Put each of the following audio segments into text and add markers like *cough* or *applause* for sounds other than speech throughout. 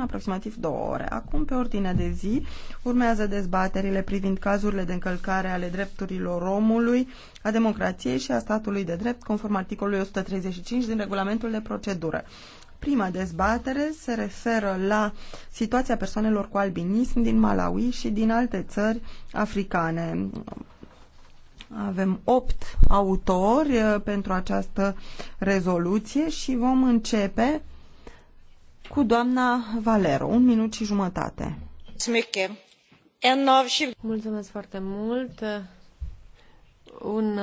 în aproximativ două ore. Acum, pe ordinea de zi, urmează dezbaterile privind cazurile de încălcare ale drepturilor omului, a democrației și a statului de drept, conform articolului 135 din regulamentul de procedură. Prima dezbatere se referă la situația persoanelor cu albinism din Malawi și din alte țări africane. Avem opt autori eh, pentru această rezoluție și vom începe cu doamna Valero. Un minut și jumătate. Mulțumesc foarte mult. Un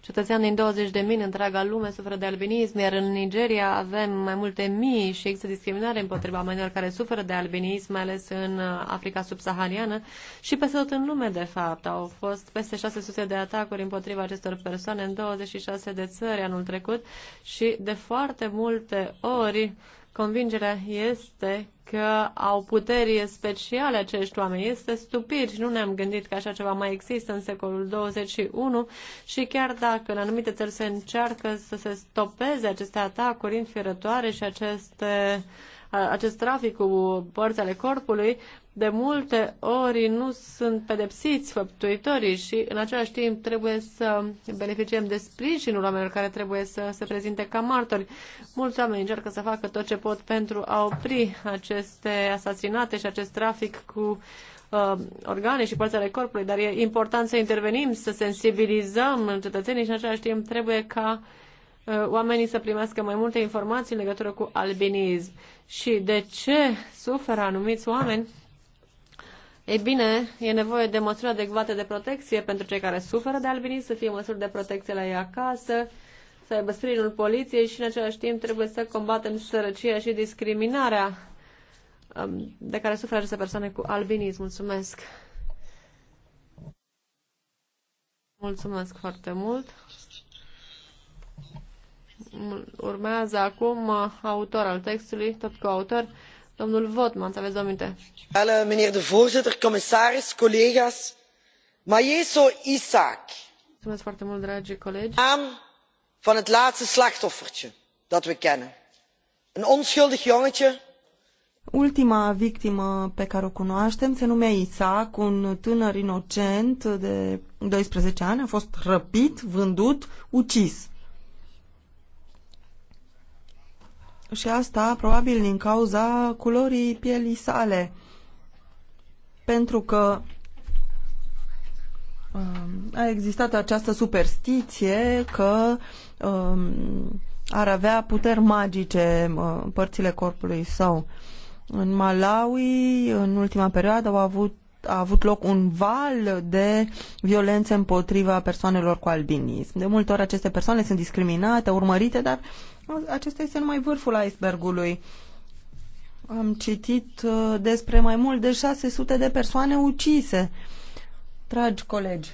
cetățean din 20 de mii în întreaga lume suferă de albinism, iar în Nigeria avem mai multe mii și există discriminare împotriva oamenilor care suferă de albinism, mai ales în Africa subsahariană și peste tot în lume, de fapt. Au fost peste 600 de atacuri împotriva acestor persoane în 26 de țări anul trecut și de foarte multe ori Convingerea este că au puteri speciale acești oameni. Este stupid și nu ne-am gândit că așa ceva mai există în secolul 21 și chiar dacă în anumite țări se încearcă să se stopeze aceste atacuri infierătoare și aceste acest trafic cu părți ale corpului, de multe ori nu sunt pedepsiți făptuitorii și în același timp trebuie să beneficiem de sprijinul oamenilor care trebuie să se prezinte ca martori. Mulți oameni încearcă să facă tot ce pot pentru a opri aceste asasinate și acest trafic cu uh, organe și părți ale corpului, dar e important să intervenim, să sensibilizăm cetățenii și în același timp trebuie ca uh, oamenii să primească mai multe informații în legătură cu albinism și de ce suferă anumiți oameni ei bine, e nevoie de măsuri adecvate de protecție pentru cei care suferă de albinism, să fie măsuri de protecție la ei acasă, să aibă sprijinul poliției și în același timp trebuie să combatem sărăcia și discriminarea um, de care suferă aceste persoane cu albinism. Mulțumesc! Mulțumesc foarte mult! Urmează acum autor al textului, tot cu autor, Meneer de voorzitter, commissaris, collega's. Maieso Isaac. Mulțumesc Naam van het laatste slachtoffertje dat we kennen. Een onschuldig jongetje Ultima victimă pe care o cunoaștem se numea Isaac, un tânăr inocent de 12 ani, a fost răpit, vândut, ucis. Și asta probabil din cauza culorii pielii sale. Pentru că um, a existat această superstiție că um, ar avea puteri magice uh, părțile corpului său. În Malawi, în ultima perioadă, au avut a avut loc un val de violențe împotriva persoanelor cu albinism. De multe ori aceste persoane sunt discriminate, urmărite, dar acesta este numai vârful icebergului. Am citit uh, despre mai mult de 600 de persoane ucise. Dragi colegi,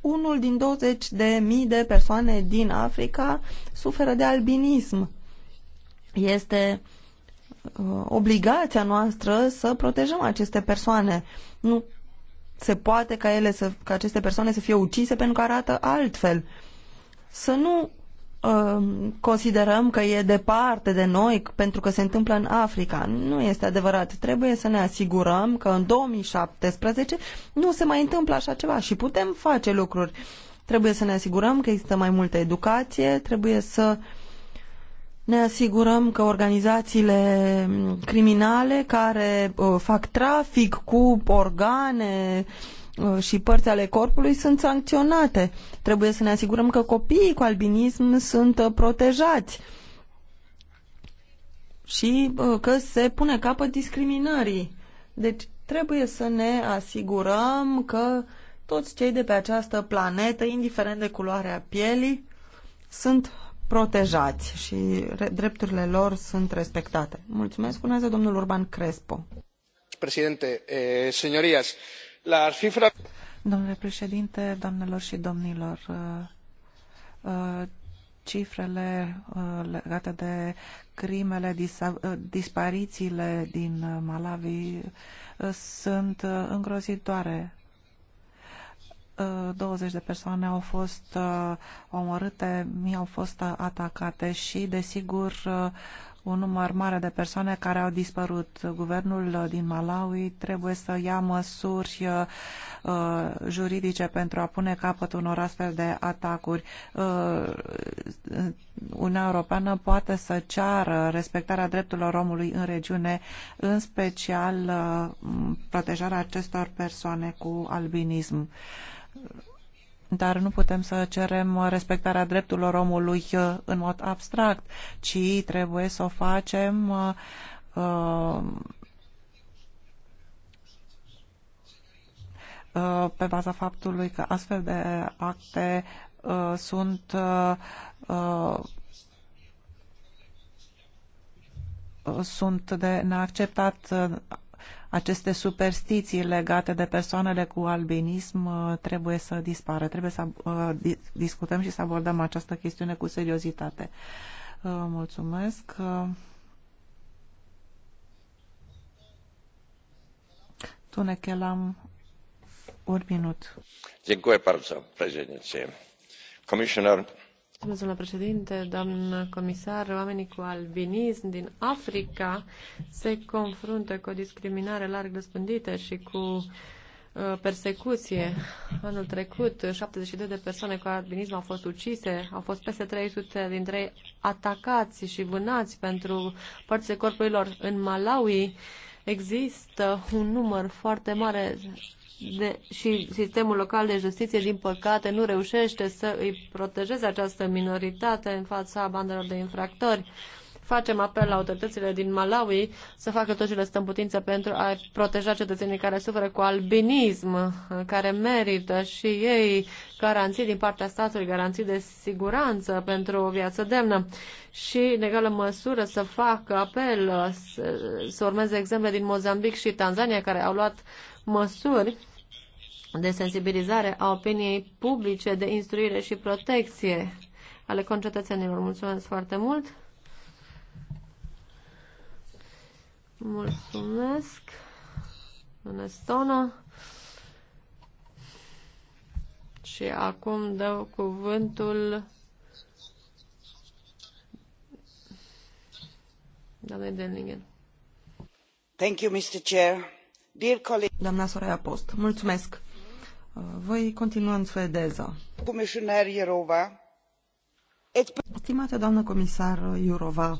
unul din 20 de mii de persoane din Africa suferă de albinism. Este Uh, obligația noastră să protejăm aceste persoane. Nu se poate ca, ele să, ca aceste persoane să fie ucise pentru că arată altfel. Să nu uh, considerăm că e departe de noi pentru că se întâmplă în Africa. Nu este adevărat. Trebuie să ne asigurăm că în 2017 nu se mai întâmplă așa ceva și putem face lucruri. Trebuie să ne asigurăm că există mai multă educație, trebuie să uh, ne asigurăm că organizațiile criminale care uh, fac trafic cu organe uh, și părți ale corpului sunt sancționate. Trebuie să ne asigurăm că copiii cu albinism sunt uh, protejați și că se pune capăt discriminării. Deci trebuie să ne asigurăm că toți cei de pe această planetă, indiferent de culoarea pielii, sunt protejați și drepturile lor sunt respectate. Mulțumesc. Urmează domnul Urban Crespo. Președinte, eh, señorías, la cifra... Domnule președinte, doamnelor și domnilor, eh, eh, cifrele eh, legate de crimele, disparițiile din Malawi sunt îngrozitoare. 20 uh, de persoane au fost uh, omorâte, mii au fost uh, atacate și, desigur, un număr mare de persoane care au dispărut. Guvernul uh, din Malawi trebuie să ia măsuri uh, uh, juridice pentru a pune capăt unor astfel de atacuri. Uniunea Europeană poate să ceară respectarea drepturilor omului în regiune, în special protejarea acestor persoane cu albinism dar nu putem să cerem respectarea drepturilor omului uh, în mod abstract, ci trebuie să o facem uh, uh, pe baza faptului că astfel de acte sunt sunt de neacceptat aceste superstiții legate de persoanele cu albinism uh, trebuie să dispară. Trebuie să uh, discutăm și să abordăm această chestiune cu seriozitate. Uh, mulțumesc. Tunechelam, un minut. Dziękuję bardzo, președinte. Commissioner, Domnule președinte, doamnă comisar, oamenii cu albinism din Africa se confruntă cu o discriminare larg răspândită și cu uh, persecuție. Anul trecut, 72 de persoane cu albinism au fost ucise, au fost peste 300 dintre ei atacați și vânați pentru părțile corpului lor. În Malawi există un număr foarte mare de, și sistemul local de justiție, din păcate, nu reușește să îi protejeze această minoritate în fața bandelor de infractori. Facem apel la autoritățile din Malawi să facă tot ce le stă în putință pentru a proteja cetățenii care suferă cu albinism, care merită și ei garanții din partea statului, garanții de siguranță pentru o viață demnă și, în egală măsură, să facă apel, să, să urmeze exemple din Mozambic și Tanzania, care au luat măsuri de sensibilizare a opiniei publice, de instruire și protecție ale concetățenilor. Mulțumesc foarte mult! Mulțumesc! În estonă. Și acum dau cuvântul doamnei Denlingen. Thank you, Mr. Chair. Doamna Soraya Post, mulțumesc. Uh, voi continua în suedeză. Stimată doamnă comisar Iurova,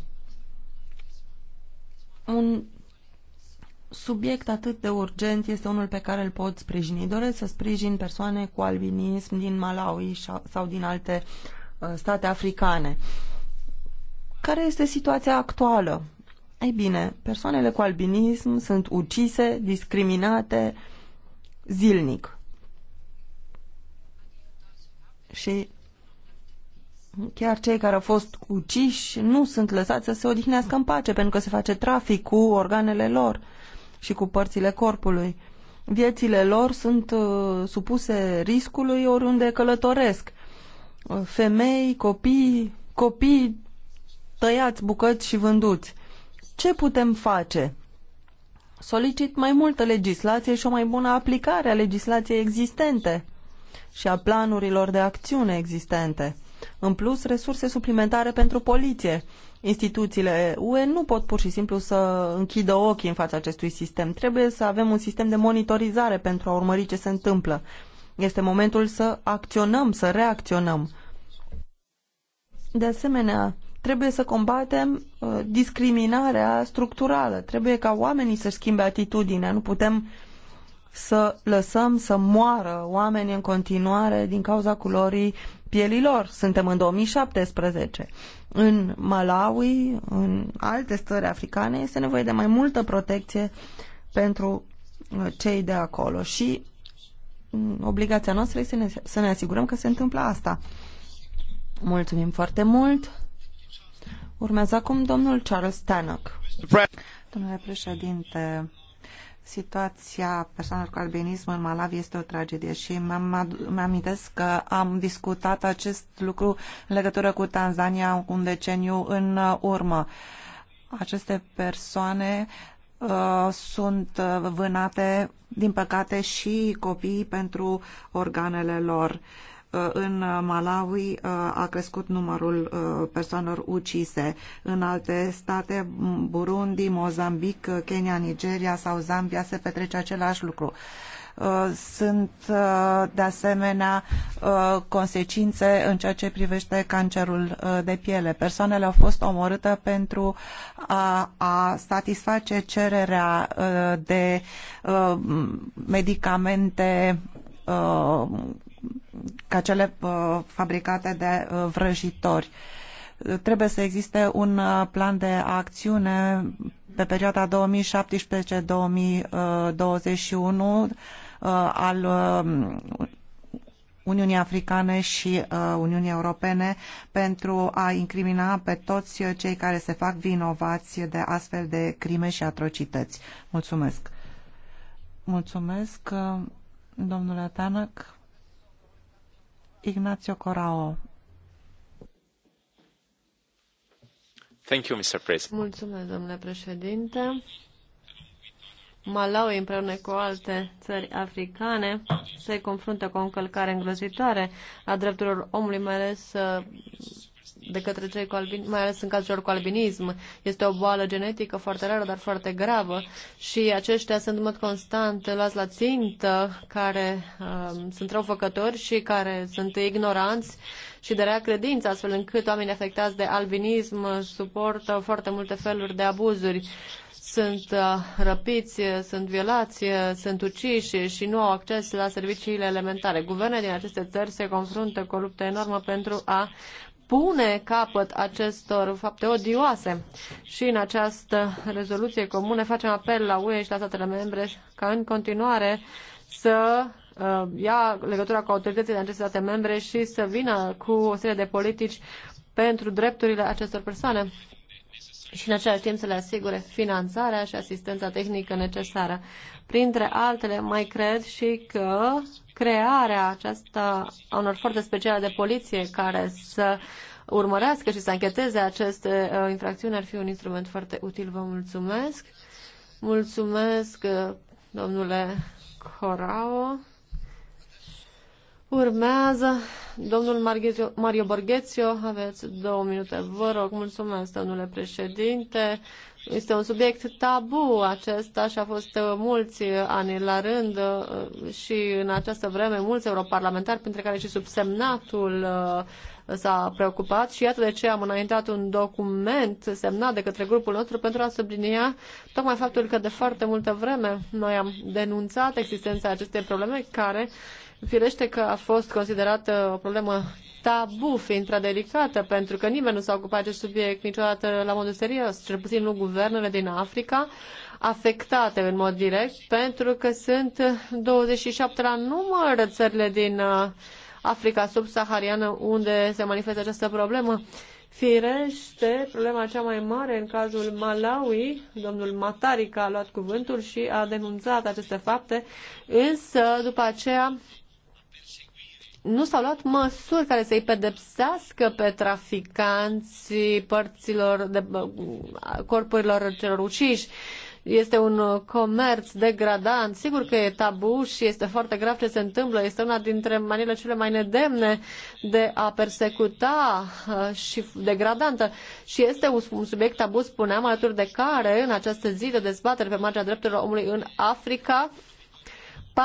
un subiect atât de urgent este unul pe care îl pot sprijini. Doresc să sprijin persoane cu albinism din Malawi sau din alte uh, state africane. Care este situația actuală? Ei bine, persoanele cu albinism sunt ucise, discriminate zilnic. Și chiar cei care au fost uciși nu sunt lăsați să se odihnească în pace pentru că se face trafic cu organele lor și cu părțile corpului. Viețile lor sunt uh, supuse riscului oriunde călătoresc. Uh, femei, copii, copii tăiați, bucăți și vânduți. Ce putem face? Solicit mai multă legislație și o mai bună aplicare a legislației existente și a planurilor de acțiune existente. În plus, resurse suplimentare pentru poliție. Instituțiile UE nu pot pur și simplu să închidă ochii în fața acestui sistem. Trebuie să avem un sistem de monitorizare pentru a urmări ce se întâmplă. Este momentul să acționăm, să reacționăm. De asemenea, Trebuie să combatem uh, discriminarea structurală. Trebuie ca oamenii să schimbe atitudinea. Nu putem să lăsăm să moară oamenii în continuare din cauza culorii pielilor. Suntem în 2017. În Malawi, în alte stări africane, este nevoie de mai multă protecție pentru uh, cei de acolo și mm, obligația noastră este să ne asigurăm că se întâmplă asta. Mulțumim foarte mult! Urmează acum domnul Charles Tannock. Domnule președinte, situația persoanelor cu albinism în Malawi este o tragedie și mi-amintesc că am discutat acest lucru în legătură cu Tanzania cu un deceniu în urmă. Aceste persoane uh, sunt uh, vânate, din păcate, și copiii pentru organele lor. Uh, Uh, în Malawi uh, a crescut numărul uh, persoanelor ucise. În alte state, Burundi, Mozambic, Kenya, Nigeria sau Zambia se petrece același lucru sunt de asemenea consecințe în ceea ce privește cancerul de piele. Persoanele au fost omorâte pentru a, a satisface cererea de medicamente ca cele uh, fabricate de uh, vrăjitori. Uh, trebuie să existe un plan de acțiune pe perioada 2017-2021 al um, Uniunii Africane și Uniunii Europene pentru a incrimina pe toți cei care se fac vinovați de astfel de crime și atrocități. Mulțumesc! Mulțumesc, domnule Tanac. Corao. Mulțumesc, domnule președinte. Malawi împreună cu alte țări africane se confruntă cu o încălcare îngrozitoare a drepturilor omului, mai ales uh, de către cei cu albin, mai ales în cazul cu albinism. Este o boală genetică foarte rară, dar foarte gravă și aceștia sunt în mod constant luați la țintă, care uh, sunt răufăcători și care sunt ignoranți și de rea credință, astfel încât oamenii afectați de albinism suportă foarte multe feluri de abuzuri sunt uh, răpiți, sunt violați, sunt uciși și nu au acces la serviciile elementare. Guvernele din aceste țări se confruntă cu o luptă enormă pentru a pune capăt acestor fapte odioase. Și în această rezoluție comună facem apel la UE și la statele membre ca în continuare să uh, ia legătura cu autoritățile din aceste state membre și să vină cu o serie de politici pentru drepturile acestor persoane și în același timp să le asigure finanțarea și asistența tehnică necesară. Printre altele, mai cred și că crearea aceasta a unor forțe speciale de poliție care să urmărească și să încheteze aceste uh, infracțiuni ar fi un instrument foarte util. Vă mulțumesc. Mulțumesc, uh, domnule Corao. Urmează domnul Margezio, Mario Borghețio. Aveți două minute. Vă rog, mulțumesc, domnule președinte. Este un subiect tabu acesta și a fost uh, mulți uh, ani la rând uh, și în această vreme mulți europarlamentari, printre care și subsemnatul s-a preocupat și iată de ce am înaintat un document semnat de către grupul nostru pentru a sublinia tocmai faptul că de foarte multă vreme noi am denunțat existența acestei probleme care Firește că a fost considerată o problemă tabu, fiind prea delicată, pentru că nimeni nu s-a ocupat acest subiect niciodată la modul serios, cel puțin nu guvernele din Africa, afectate în mod direct, pentru că sunt 27 la număr țările din uh, Africa subsahariană unde se manifestă această problemă. Firește, problema cea mai mare în cazul Malawi, domnul Matarica a luat cuvântul și a denunțat aceste fapte, însă după aceea nu s-au luat măsuri care să-i pedepsească pe traficanții părților de, corpurilor celor uciși. Este un comerț degradant. Sigur că e tabu și este foarte grav ce se întâmplă. Este una dintre manierele cele mai nedemne de a persecuta uh, și degradantă. Și este un subiect tabu, spuneam, alături de care, în această zi de dezbatere pe marginea drepturilor omului în Africa,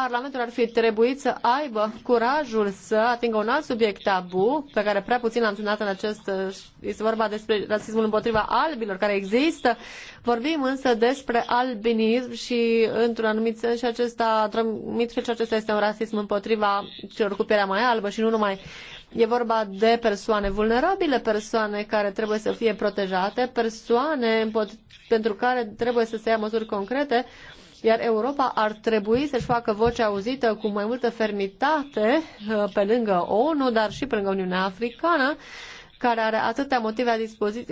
Parlamentul ar fi trebuit să aibă curajul să atingă un alt subiect tabu, pe care prea puțin l-am sunat în acest... Este vorba despre rasismul împotriva albilor care există. Vorbim însă despre albinism și, într-un anumit sens, și acesta, anumit fel, și acesta este un rasism împotriva celor cu pielea mai albă și nu numai. E vorba de persoane vulnerabile, persoane care trebuie să fie protejate, persoane pentru care trebuie să se ia măsuri concrete uh, iar Europa ar trebui să-și facă voce auzită cu mai multă fermitate uh, pe lângă ONU, dar și pe lângă Uniunea Africană, care are atâtea motive, a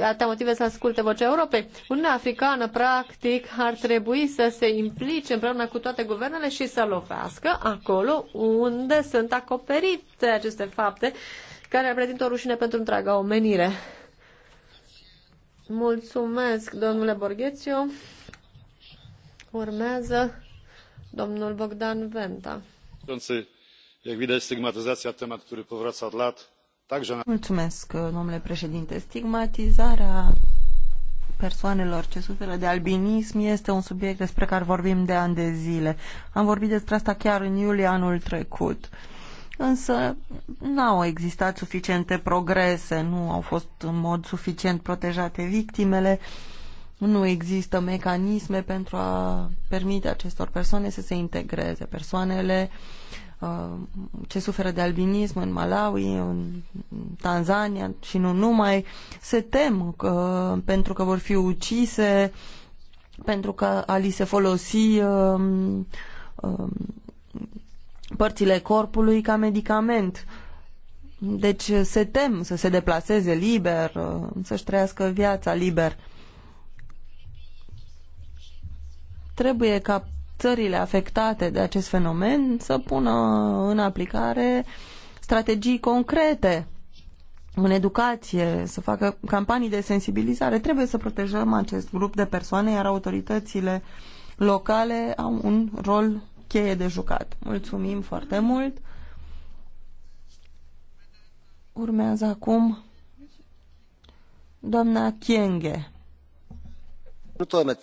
atâtea motive să asculte vocea Europei. Uniunea Africană, practic, ar trebui să se implice împreună cu toate guvernele și să lovească acolo unde sunt acoperite aceste fapte, care reprezintă o rușine pentru întreaga omenire. Mulțumesc, domnule Borghețiu. Urmează domnul Bogdan Venta. Mulțumesc, domnule președinte. Stigmatizarea persoanelor ce suferă de albinism este un subiect despre care vorbim de ani de zile. Am vorbit despre asta chiar în iulie anul trecut. Însă nu au existat suficiente progrese, nu au fost în mod suficient protejate victimele nu există mecanisme pentru a permite acestor persoane să se integreze. Persoanele uh, ce suferă de albinism în Malawi, în Tanzania și nu numai, se tem că, pentru că vor fi ucise, pentru că a li se folosi um, um, părțile corpului ca medicament. Deci se tem să se deplaseze liber, uh, să-și trăiască viața liber. Uh, trebuie ca țările afectate de acest fenomen să pună în aplicare strategii concrete în educație, să facă campanii de sensibilizare. Trebuie să protejăm acest grup de persoane, iar autoritățile locale au un rol cheie de jucat. Mulțumim foarte mult! Urmează acum doamna Chienghe. Mulțumesc!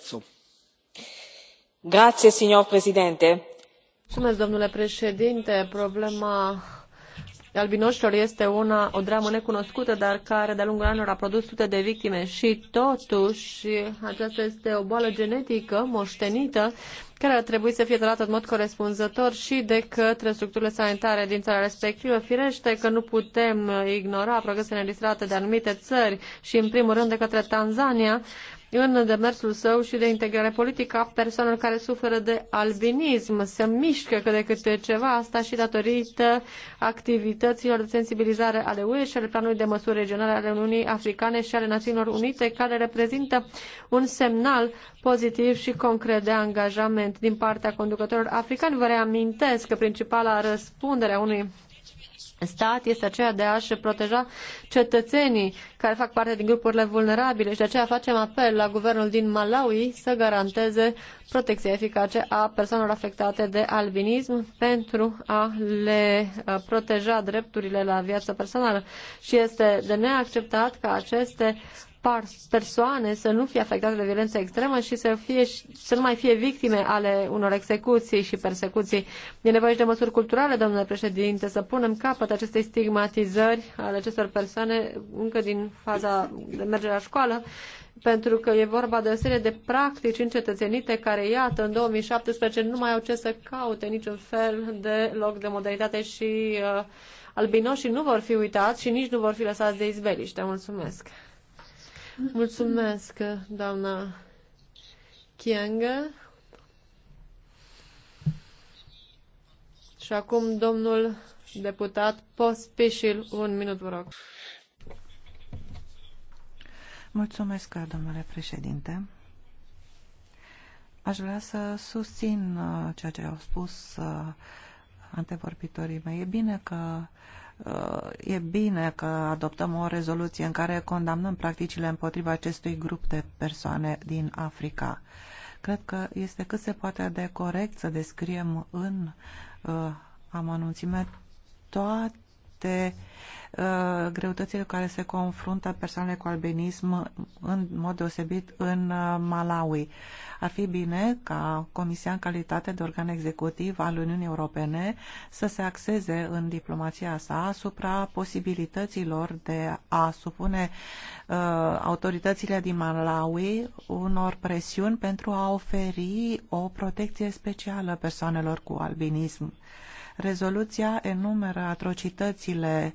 domnule președinte problema albinoșilor este una, o dramă necunoscută dar care de a lungul anilor a produs sute de victime și totuși aceasta este o boală genetică moștenită care ar trebui să fie tratată în mod corespunzător și de către structurile sanitare din țara respectivă. Firește că nu putem ignora progresele înregistrate de anumite țări și, în primul rând, de către Tanzania, în demersul său și de integrare politică a persoanelor care suferă de albinism. Se mișcă cât de câte ceva, asta și datorită activităților de sensibilizare ale UE și ale planului de măsuri regionale ale Uniunii Africane și ale Națiunilor Unite, care reprezintă un semnal pozitiv și concret de angajament din partea conducătorilor africani. Vă reamintesc că principala răspundere a unui stat este aceea de a-și proteja cetățenii care fac parte din grupurile vulnerabile și de aceea facem apel la guvernul din Malawi să garanteze protecția eficace a persoanelor afectate de albinism pentru a le uh, proteja drepturile la viața personală. Și este de neacceptat ca aceste persoane să nu fie afectate de violență extremă și să, fie, să nu mai fie victime ale unor execuții și persecuții. E nevoie și de măsuri culturale, domnule președinte, să punem capăt acestei stigmatizări ale acestor persoane încă din faza de mergere la școală pentru că e vorba de o serie de practici încetățenite care, iată, în 2017 nu mai au ce să caute niciun fel de loc de modalitate și uh, albinoșii nu vor fi uitați și nici nu vor fi lăsați de izbeliște. Mulțumesc! Mulțumesc, doamna Chiangă. Și acum domnul deputat Pospișil, un minut, vă rog. Mulțumesc, domnule președinte. Aș vrea să susțin uh, ceea ce au spus uh, antevorbitorii mei. E bine că uh, E bine că adoptăm o rezoluție în care condamnăm practicile împotriva acestui grup de persoane din Africa. Cred că este cât se poate de corect să descriem în uh, amănunțime toate privește uh, greutățile cu care se confruntă persoanele cu albinism în mod deosebit în uh, Malawi. Ar fi bine ca Comisia în calitate de organ executiv al Uniunii Europene să se axeze în diplomația sa asupra posibilităților de a supune uh, autoritățile din Malawi unor presiuni pentru a oferi o protecție specială persoanelor cu albinism. Rezoluția enumeră atrocitățile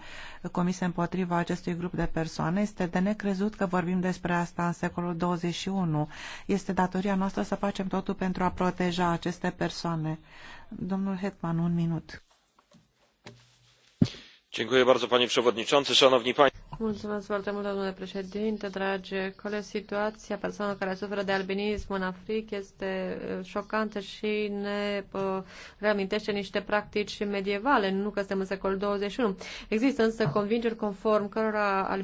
comise împotriva acestui grup de persoane. Este de necrezut că vorbim despre asta în secolul 21. Este datoria noastră să facem totul pentru a proteja aceste persoane. Domnul Hetman, un minut domnule președinte, dragi colegi. Situația persoanelor care suferă de albinism în Africa este uh, șocantă și ne uh, reamintește niște practici medievale, nu că suntem în secolul 21. Există însă convingeri conform cărora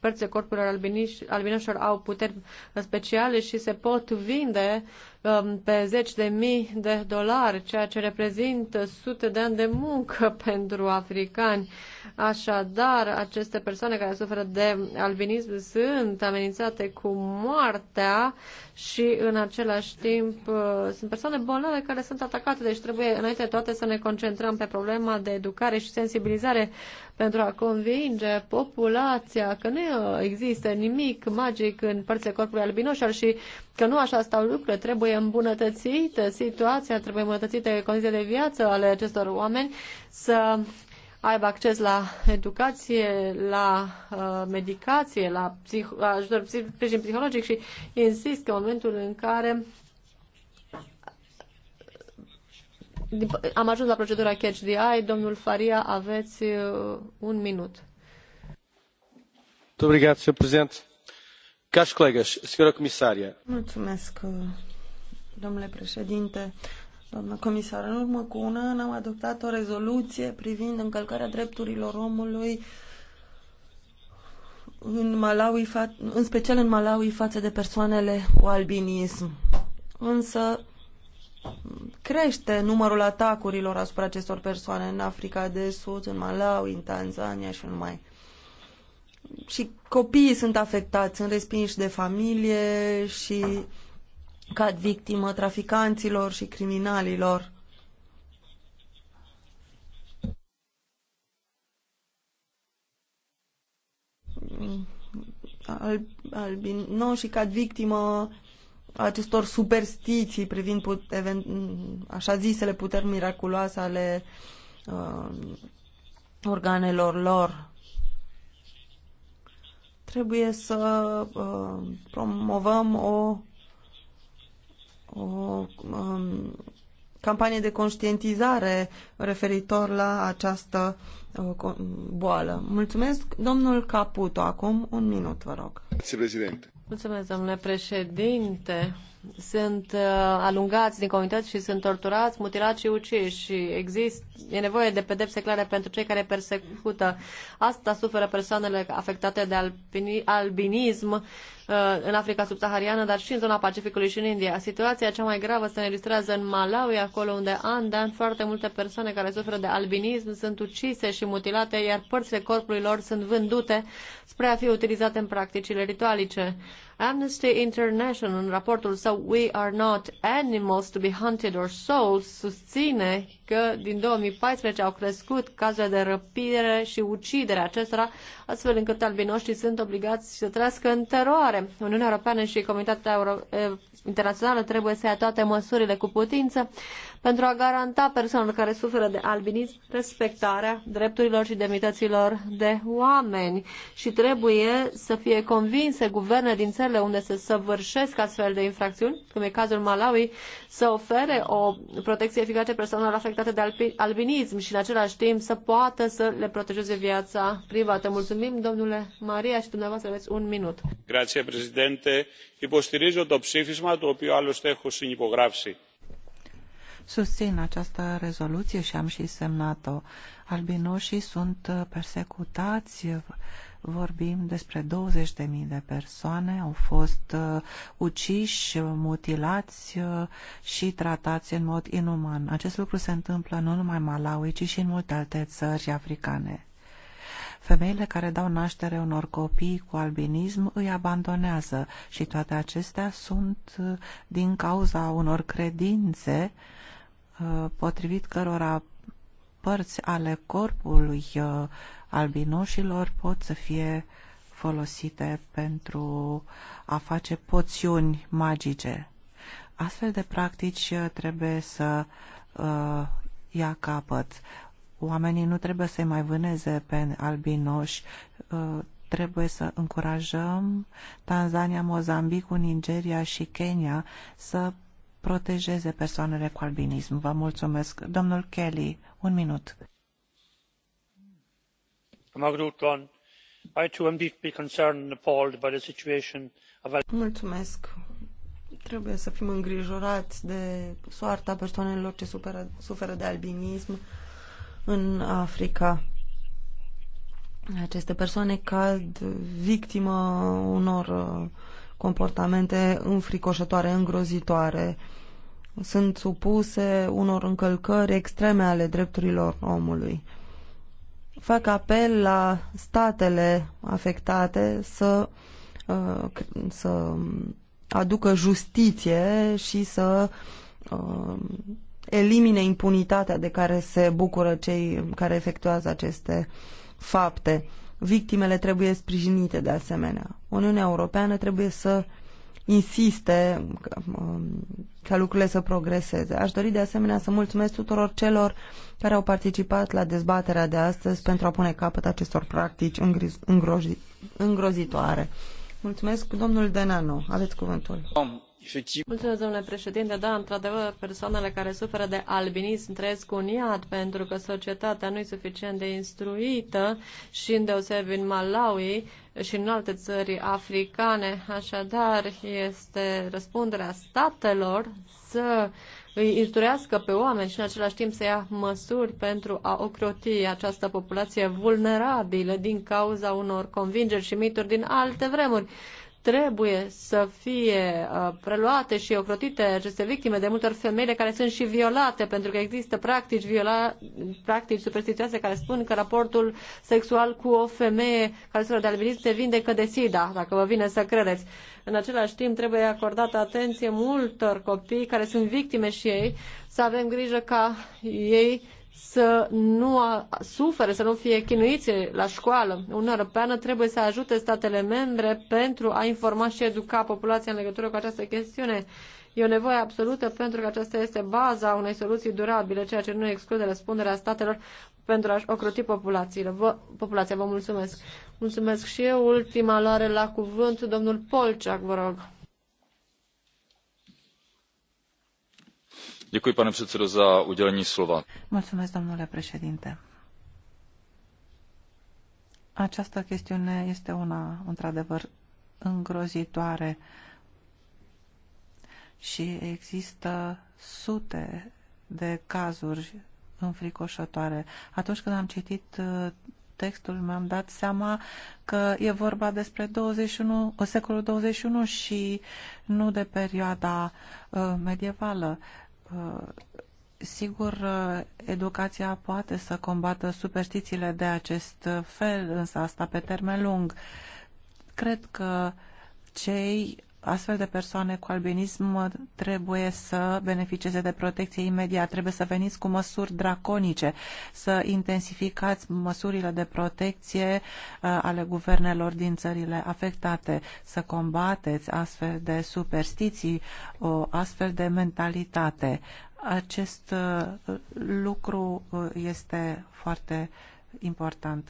părțile corpurilor albinoșilor au puteri speciale și se pot vinde uh, Um, pe zeci de mii de dolari, ceea ce reprezintă sute de ani de muncă *laughs* pentru africani. Așadar, aceste persoane care suferă de albinism sunt amenințate cu moartea și în același timp uh, sunt persoane bolnave care sunt atacate, deci trebuie înainte de toate să ne concentrăm pe problema de educare și sensibilizare pentru a convinge populația că nu există nimic magic în părțile corpului albinoșilor și că nu așa stau lucrurile, trebuie îmbunătățită situația, trebuie îmbunătățite condițiile de viață ale acestor oameni, să aibă acces la educație, la uh, medicație, la psih- ajutor sprijin psihologic și insist că în momentul în care am ajuns la procedura Catch the Eye, domnul Faria, aveți uh, un minut. Obrigado, Sr. Presidente. Caros colegas, Sra. Comissária. Mulțumesc, uh, domnule președinte. Doamnă comisar, în urmă cu un an am adoptat o rezoluție privind încălcarea drepturilor omului în, Malawi, în special în Malawi față de persoanele cu albinism. Însă crește numărul atacurilor asupra acestor persoane în Africa de Sud, în Malawi, în Tanzania și în mai. Și copiii sunt afectați, sunt respinși de familie și ca victimă traficanților și criminalilor. nu și ca victimă acestor superstiții privind put, even, așa zisele puteri miraculoase ale uh, organelor lor. Trebuie să uh, promovăm o o um, campanie de conștientizare referitor la această uh, boală. Mulțumesc, domnul Caputo. Acum un minut, vă rog. Mulțumesc, domnule președinte sunt uh, alungați din comunități și sunt torturați, mutilați și uciși. Și exist, e nevoie de pedepse clare pentru cei care persecută. Asta suferă persoanele afectate de albini, albinism uh, în Africa subsahariană, dar și în zona Pacificului și în India. Situația cea mai gravă se înregistrează în Malawi, acolo unde an de an foarte multe persoane care suferă de albinism sunt ucise și mutilate, iar părțile corpului lor sunt vândute spre a fi utilizate în practicile ritualice. Amnesty International, în raportul său We are not animals to be hunted or sold, susține că din 2014 au crescut cazurile de răpire și ucidere acestora, astfel încât albinoștii sunt obligați să trăiască în teroare. Uniunea Europeană și Comunitatea Euro- Internațională trebuie să ia toate măsurile cu putință pentru a garanta persoanelor care suferă de albinism respectarea drepturilor și demnităților de oameni și trebuie să fie convinse guverne din țările unde se săvârșesc astfel de infracțiuni, cum e cazul Malawi, să ofere o protecție eficace persoanelor afectate afectate de albinism și în același timp să poată să le protejeze viața privată. Mulțumim, domnule Maria, și dumneavoastră aveți un minut. Grație, președinte. Υποστηρίζω το ψήφισμα, το οποίο άλλωστε έχω συνυπογράψει. Susțin această rezoluție și am și semnat-o. Albinoșii sunt persecutați, Vorbim despre 20.000 de persoane, au fost uh, uciși, uh, mutilați uh, și tratați în mod inuman. Acest lucru se întâmplă nu numai în Malawi, ci și în multe alte țări africane. Femeile care dau naștere unor copii cu albinism îi abandonează și toate acestea sunt uh, din cauza unor credințe uh, potrivit cărora părți ale corpului uh, albinoșilor pot să fie folosite pentru a face poțiuni magice. Astfel de practici uh, trebuie să uh, ia capăt. Oamenii nu trebuie să-i mai vâneze pe albinoși. Uh, trebuie să încurajăm Tanzania, Mozambicul, Nigeria și Kenya să protejeze persoanele cu albinism. Vă mulțumesc. Domnul Kelly, un minut. Mulțumesc. Trebuie să fim îngrijorați de soarta persoanelor ce suferă, suferă de albinism în Africa. Aceste persoane cad victimă unor uh, comportamente înfricoșătoare, îngrozitoare. Sunt supuse unor încălcări extreme ale drepturilor omului. Fac apel la statele afectate să, uh, să aducă justiție și să uh, elimine impunitatea de care se bucură cei care efectuează aceste fapte Victimele trebuie sprijinite de asemenea. Uniunea Europeană trebuie să insiste um, ca lucrurile să progreseze. Aș dori de asemenea să mulțumesc tuturor celor care au participat la dezbaterea de astăzi pentru a pune capăt acestor practici îngrozi îngrozitoare. Mulțumesc, domnul Denano. Aveți cuvântul domnule președinte. Da, într-adevăr, persoanele care suferă de albinism trăiesc un iad pentru că societatea nu e suficient de instruită și în deosebi în Malawi și în alte țări africane. Așadar, este răspunderea statelor să îi instruiască pe oameni și în același timp să ia măsuri pentru a ocroti această populație vulnerabilă din cauza unor convingeri și mituri din alte vremuri trebuie să fie uh, preluate și ocrotite aceste victime, de multe ori femeile care sunt și violate, pentru că există practici, viola, practici superstițioase care spun că raportul sexual cu o femeie care sunt de albinism se vindecă de SIDA, dacă vă vine să credeți. În același timp, trebuie acordată atenție multor copii care sunt victime și ei, să avem grijă ca ei să nu sufere, să nu fie chinuiți la școală. Uniunea Europeană trebuie să ajute statele membre pentru a informa și educa populația în legătură cu această chestiune. E o nevoie absolută pentru că aceasta este baza unei soluții durabile, ceea ce nu exclude răspunderea statelor pentru a-și ocroti populațiile. Vă, populația, vă mulțumesc. Mulțumesc și eu. Ultima luare la cuvânt, domnul Polceac, vă rog. pane předsedající președinte această chestiune este una într adevăr îngrozitoare și există sute de cazuri înfricoșătoare. Atunci când am citit uh, textul mi-am dat seama că e vorba despre 21, secolul 21 și nu de perioada uh, medievală. Uh, Ă, sigur, ă, educația poate să combată superstițiile de acest fel, însă asta pe termen lung. Cred că cei astfel de persoane cu albinism trebuie să beneficieze de protecție imediat, trebuie să veniți cu măsuri draconice, să intensificați măsurile de protecție uh, ale guvernelor din țările afectate, să combateți astfel de superstiții, o astfel de mentalitate. Acest uh, lucru uh, este foarte important.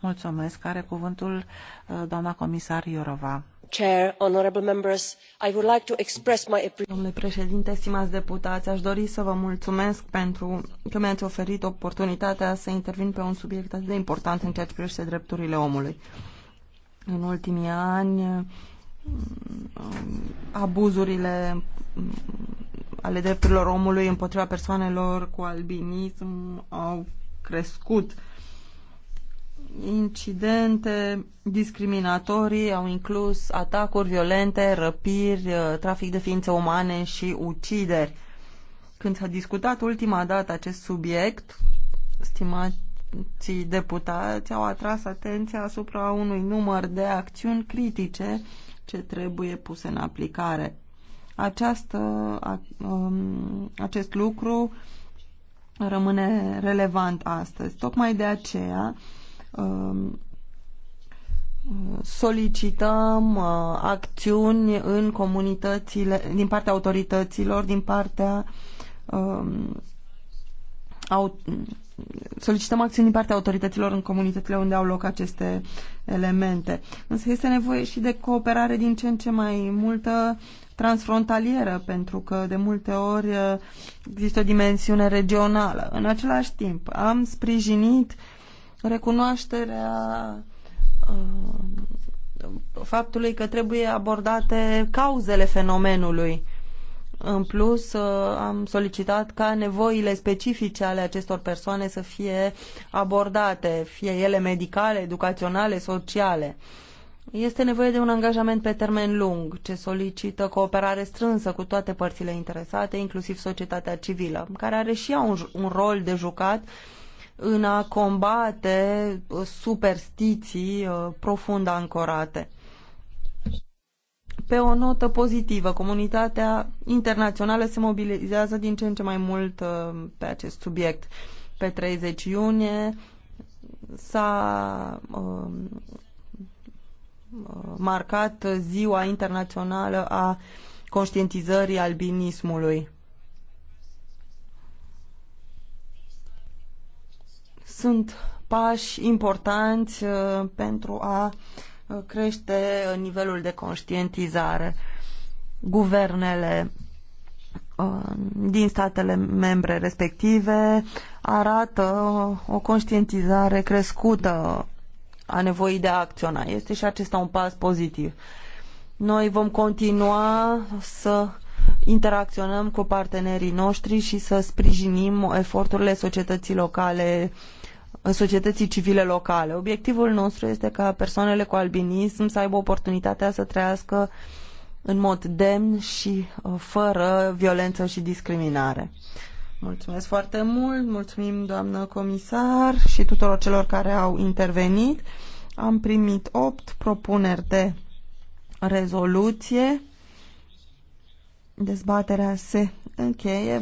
Mulțumesc. Are cuvântul doamna comisar Iorova domnule președinte stimați deputați aș dori să vă mulțumesc pentru că mi ați oferit oportunitatea să intervin pe un subiect atât de important în ceea ce privește drepturile omului. În ultimii ani, mm, abuzurile mm, ale drepturilor omului împotriva persoanelor cu albinism au crescut. și incidente discriminatorii au inclus atacuri violente, răpiri, uh, trafic de ființe umane și ucideri. Când s-a discutat ultima dată acest subiect, stimații deputați au atras atenția asupra unui număr de acțiuni critice ce trebuie puse în aplicare. Această, um, acest lucru rămâne relevant astăzi. Tocmai de aceea, Um, solicităm uh, acțiuni în comunitățile, din partea autorităților, din partea um, au, solicităm acțiuni din partea autorităților în comunitățile unde au loc aceste elemente. Însă este nevoie și de cooperare din ce în ce mai multă transfrontalieră, pentru că de multe ori uh, există o dimensiune regională. În același timp, am sprijinit uh, recunoașterea uh, faptului că trebuie abordate cauzele fenomenului. În plus, uh, am solicitat ca nevoile specifice ale acestor persoane să fie abordate, fie ele medicale, educaționale, sociale. Este nevoie de un angajament pe termen lung, ce solicită cooperare strânsă cu toate părțile interesate, inclusiv societatea civilă, care are și ea un, un rol de jucat în a combate uh, superstiții uh, profund ancorate. Pe o notă pozitivă, comunitatea internațională se mobilizează din ce în ce mai mult uh, pe acest subiect. Pe 30 iunie s-a um, marcat Ziua Internațională a Conștientizării Albinismului. sunt pași importanți uh, pentru a uh, crește nivelul de conștientizare. Guvernele uh, din statele membre respective arată o conștientizare crescută a nevoii de a acționa. Este și acesta un pas pozitiv. Noi vom continua să interacționăm cu partenerii noștri și să sprijinim eforturile societății locale societății civile locale. Obiectivul nostru este ca persoanele cu albinism să aibă oportunitatea să trăiască în mod demn și uh, fără violență și discriminare. Mulțumesc foarte mult, mulțumim doamnă comisar și tuturor celor care au intervenit. Am primit 8 propuneri de rezoluție. Dezbaterea se încheie.